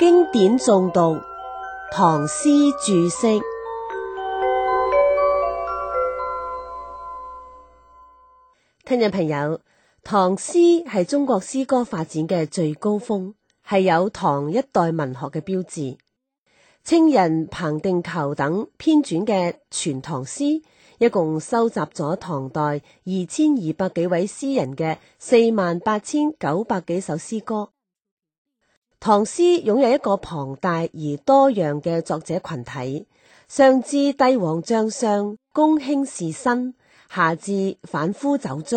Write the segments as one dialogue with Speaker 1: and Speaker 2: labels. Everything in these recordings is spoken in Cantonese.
Speaker 1: 經典誦讀，唐詩注釋。聽眾朋友，唐詩係中國詩歌發展嘅最高峰，係有唐一代文學嘅標誌。清人彭定求等編纂嘅《全唐詩》，一共收集咗唐代二千二百幾位詩人嘅四萬八千九百幾首詩歌。唐詩擁有一個龐大而多樣嘅作者群體，上至帝王將相、公卿士紳，下至販夫走卒、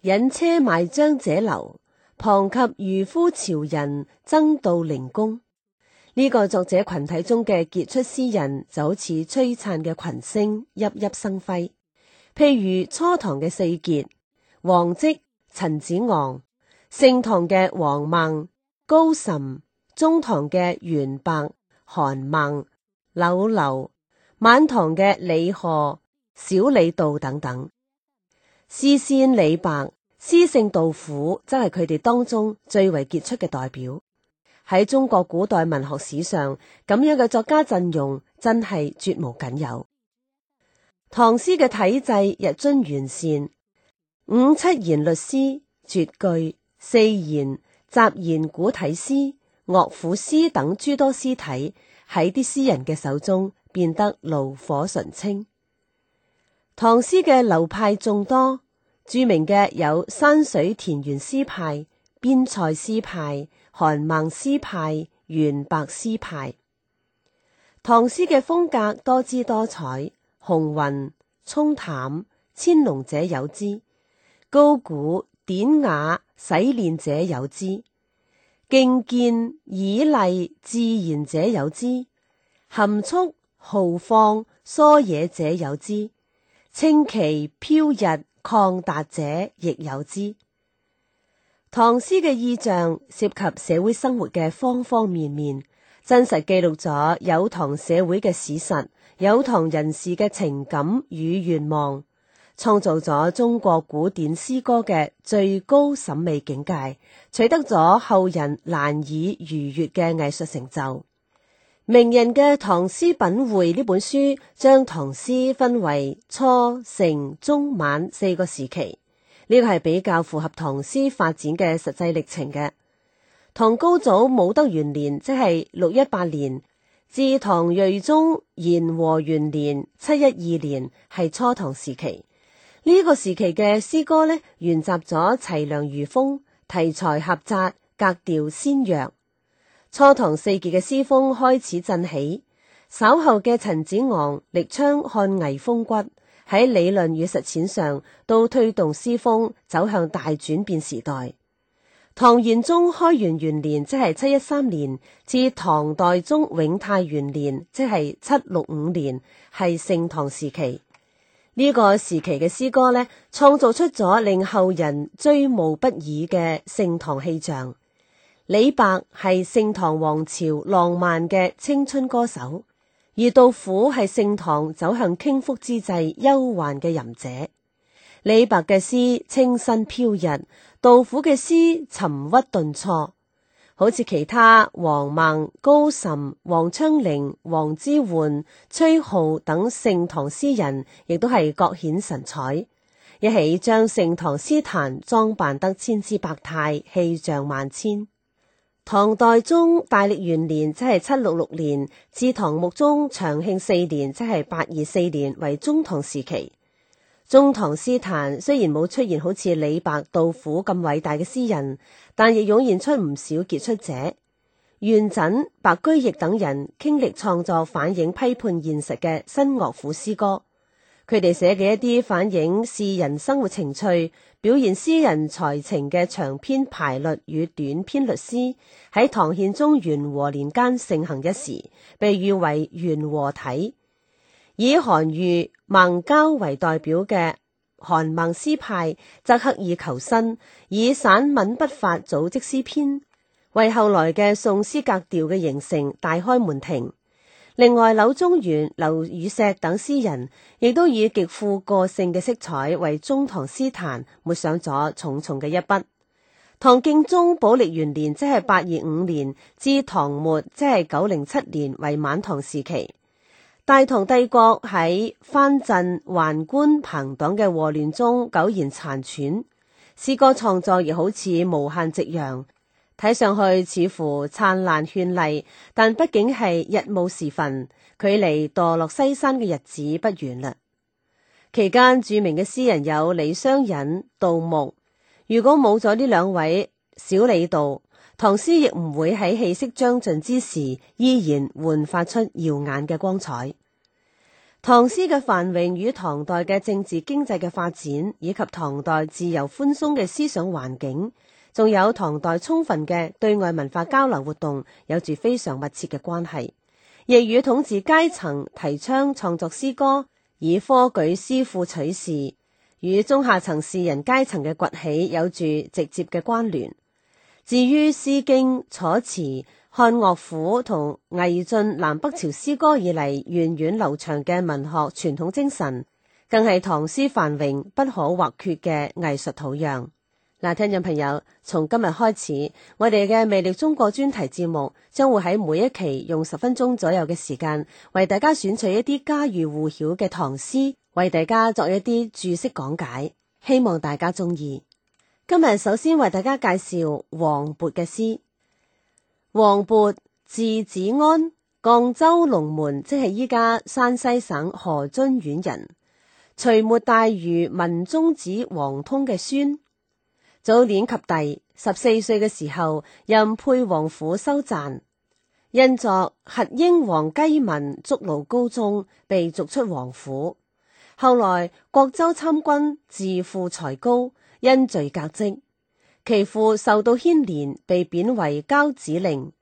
Speaker 1: 引車賣漿者流，旁及漁夫、樵人、僧道、伶工。呢、這個作者群體中嘅傑出詩人，就好似璀璨嘅群星，熠熠生輝。譬如初唐嘅四傑：王績、陳子昂；盛唐嘅王孟。高岑、中唐嘅元白、韓孟、柳劉、晚唐嘅李賀、小李杜等等，詩仙李白、詩聖杜甫，真係佢哋當中最為傑出嘅代表。喺中國古代文學史上，咁樣嘅作家陣容真係絕無僅有。唐詩嘅體制日臻完善，五七言律詩、絕句、四言。雜言古體詩、樂府詩等諸多詩體喺啲詩人嘅手中變得爐火純青。唐詩嘅流派眾多，著名嘅有山水田園詩派、邊塞詩派、韓孟詩派、元白詩派。唐詩嘅風格多姿多彩，雄渾、沖淡、纖穠者有之，高古、典雅。洗練者有之，敬見以立，自然者有之，含蓄豪放疏野者有之，清奇飄逸曠達者亦有之。唐詩嘅意象涉及社會生活嘅方方面面，真實記錄咗有唐社會嘅史實，有唐人士嘅情感與願望，創造咗中國古典詩歌嘅最高審美境界，取得咗後人難以逾越嘅藝術成就。名人嘅《唐詩品彙》呢本書將唐詩分為初、盛、中、晚四個時期，呢個係比較符合唐詩發展嘅實際歷程嘅。唐高祖武德元年，即係六一八年，至唐睿宗延和元年，七一二年，係初唐時期。呢個時期嘅詩歌咧，沿襲咗齊梁餘風，題材狹窄，格調纖弱。初唐四傑嘅詩風開始振起，稍後嘅陳子昂、力昌漢魏風骨，喺理論與實踐上都推動詩風走向大轉變時代。唐玄宗開元元年，即係七一三年，至唐代宗永泰元年，即係七六五年，係盛唐時期。呢個時期嘅詩歌咧，創造出咗令後人追慕不已嘅盛唐氣象。李白係盛唐王朝浪漫嘅青春歌手，而杜甫係盛唐走向傾覆之際憂患嘅吟者。李白嘅詩清新飄逸，杜甫嘅詩沉鬱頓挫。好似其他王孟、高岑、王昌齡、王之渙、崔顥等盛唐詩人，亦都係各顯神采，一起將盛唐詩壇裝扮得千姿百態、氣象萬千。唐代宗大曆元年即係七六六年，至唐穆宗長慶四年即係八二四年為中唐時期。中唐詩壇雖然冇出現好似李白、杜甫咁偉大嘅詩人，但亦湧現出唔少傑出者，元稹、白居易等人傾力創作反映批判現實嘅新樂府詩歌。佢哋寫嘅一啲反映士人生活情趣、表現詩人才情嘅長篇排律與短篇律詩，喺唐憲宗元和年間盛行一時，被譽為元和體。以韓愈、孟郊為代表嘅韓孟詩派，則刻意求新，以散文筆法組織詩篇，為後來嘅宋詩格調嘅形成大開門庭。另外，柳宗元、劉禹錫等詩人，亦都以極富個性嘅色彩，為中唐詩壇抹上咗重重嘅一筆。唐敬宗寶歷元年,即年，即係八二五年至唐末，即係九零七年，為晚唐時期。大唐帝國喺藩鎮宦官朋黨嘅禍亂中苟延殘喘，詩歌創作亦好似無限夕陽，睇上去似乎燦爛絢麗，但畢竟係日暮時分，距離墮落西山嘅日子不遠啦。期間著名嘅詩人有李商隱、杜牧，如果冇咗呢兩位，小李杜。唐詩亦唔會喺氣息將盡之時，依然煥發出耀眼嘅光彩。唐詩嘅繁榮與唐代嘅政治經濟嘅發展，以及唐代自由寬鬆嘅思想環境，仲有唐代充分嘅對外文化交流活動，有住非常密切嘅關係，亦與統治階層提倡創作詩歌，以科舉詩賦取士，與中下層士人階層嘅崛起有住直接嘅關聯。至於《詩經》楚、楚辭、漢樂府同魏晉南北朝詩歌以嚟源遠流長嘅文學傳統精神，更係唐詩繁榮不可或缺嘅藝術土壤。嗱，聽眾朋友，從今日開始，我哋嘅魅力中國專題節目將會喺每一期用十分鐘左右嘅時間，為大家選取一啲家喻戶曉嘅唐詩，為大家作一啲註釋講解，希望大家中意。今日首先為大家介紹王勃嘅詩。王勃字子安，絳州龍門，即係依家山西省河津縣人，隋末大儒文中子王通嘅孫。早年及第，十四歲嘅時候任沛王府修撰，因作《檄英王雞文》，觸怒高宗，被逐出王府。後來虢州參軍，自負才高。因罪革職，其父受到牽連，被貶為交趾令。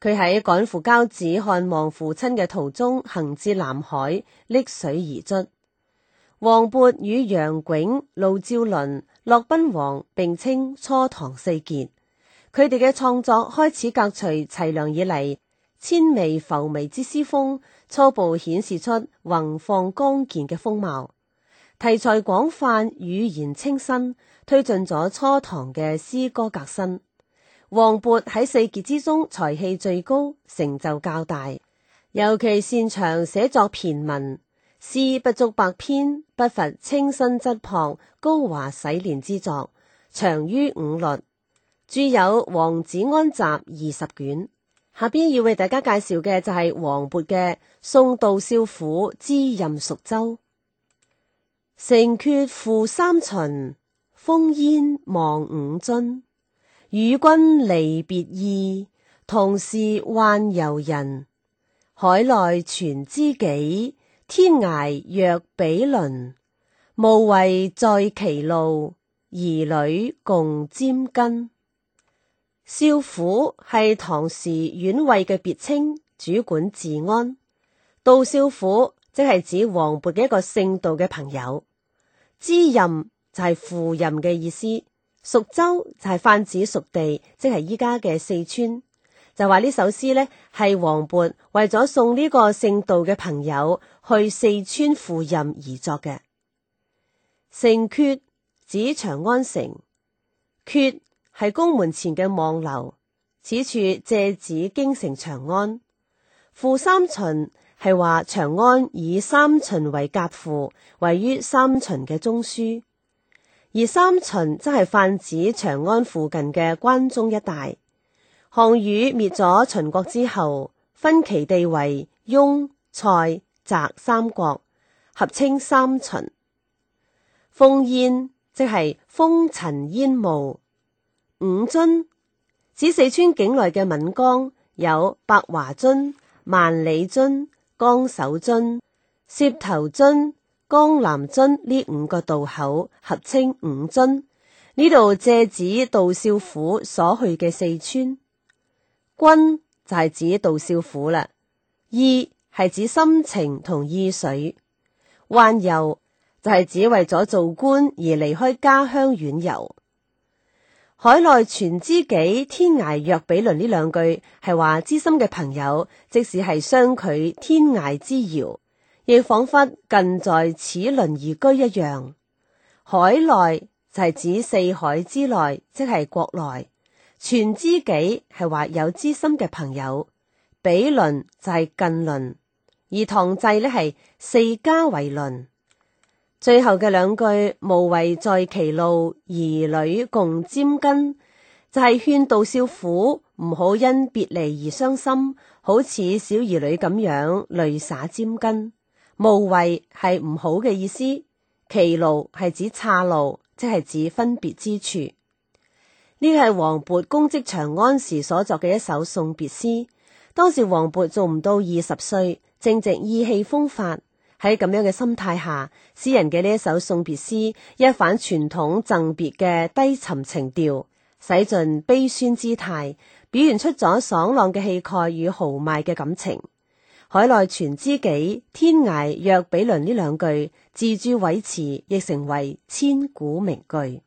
Speaker 1: 佢喺趕赴交趾看望父親嘅途中，行至南海溺水而卒。王勃與楊炯、盧照鄰、駱賓王並稱初唐四傑。佢哋嘅創作開始革除齊梁以嚟纖微浮靡之詩風，初步顯示出宏放剛健嘅風貌。題材廣泛，語言清新，推進咗初唐嘅詩歌革新。王勃喺四傑之中才氣最高，成就較大，尤其擅長寫作駢文，詩不足百篇，不乏清新質樸、高華洗煉之作，長於五律。著有《王子安集》二十卷。下邊要為大家介紹嘅就係王勃嘅《宋道少府之任蜀州》。城闕輔三秦，風煙望五津。與君離別意，同是宦遊人。海內存知己，天涯若比鄰。無為在歧路，兒女共沾巾。少府係唐時縣尉嘅別稱，主管治安。杜少府即係指王勃嘅一個姓杜嘅朋友。之任就係、是、赴任嘅意思，蜀州就係、是、泛指蜀地，即係依家嘅四川。就話呢首詩咧，係王勃為咗送呢個姓杜嘅朋友去四川赴任而作嘅。城闕指長安城，闕係宮門前嘅望樓，此處借指京城長安。輔三秦。係話長安以三秦為夾輔，位於三秦嘅中樞。而三秦則係泛指長安附近嘅關中一帶。項羽滅咗秦國之後，分其地為雍、塞、翟三國，合稱三秦。風煙即係風塵煙霧。五津指四川境內嘅岷江有白華津、萬里津。江首津、涉頭津、江南津呢五個渡口合稱五津。呢度借指杜少府所去嘅四川。君就係指杜少府啦，意係指心情同意水，宦遊就係指為咗做官而離開家鄉遠遊。海內存知己，天涯若比鄰。呢兩句係話知心嘅朋友，即使係相距天涯之遙，亦仿佛近在此鄰而居一樣。海內就係指四海之內，即係國內。存知己係話有知心嘅朋友，比鄰就係近鄰。而唐制咧係四家為鄰。最後嘅兩句，無為在歧路，兒女共沾巾，就係勸導杜少府唔好因別離而傷心，好似小兒女咁樣淚灑沾巾。無為係唔好嘅意思，歧路係指岔路，即係指分別之處。呢個係王勃供職長安時所作嘅一首送別詩。當時王勃仲唔到二十歲，正值意氣風發。喺咁樣嘅心態下，詩人嘅呢一首送別詩，一反傳統贈別嘅低沉情調，使盡悲酸姿態，表現出咗爽朗嘅氣概與豪邁嘅感情。海內存知己，天涯若比鄰呢兩句自鑄委詞亦成為千古名句。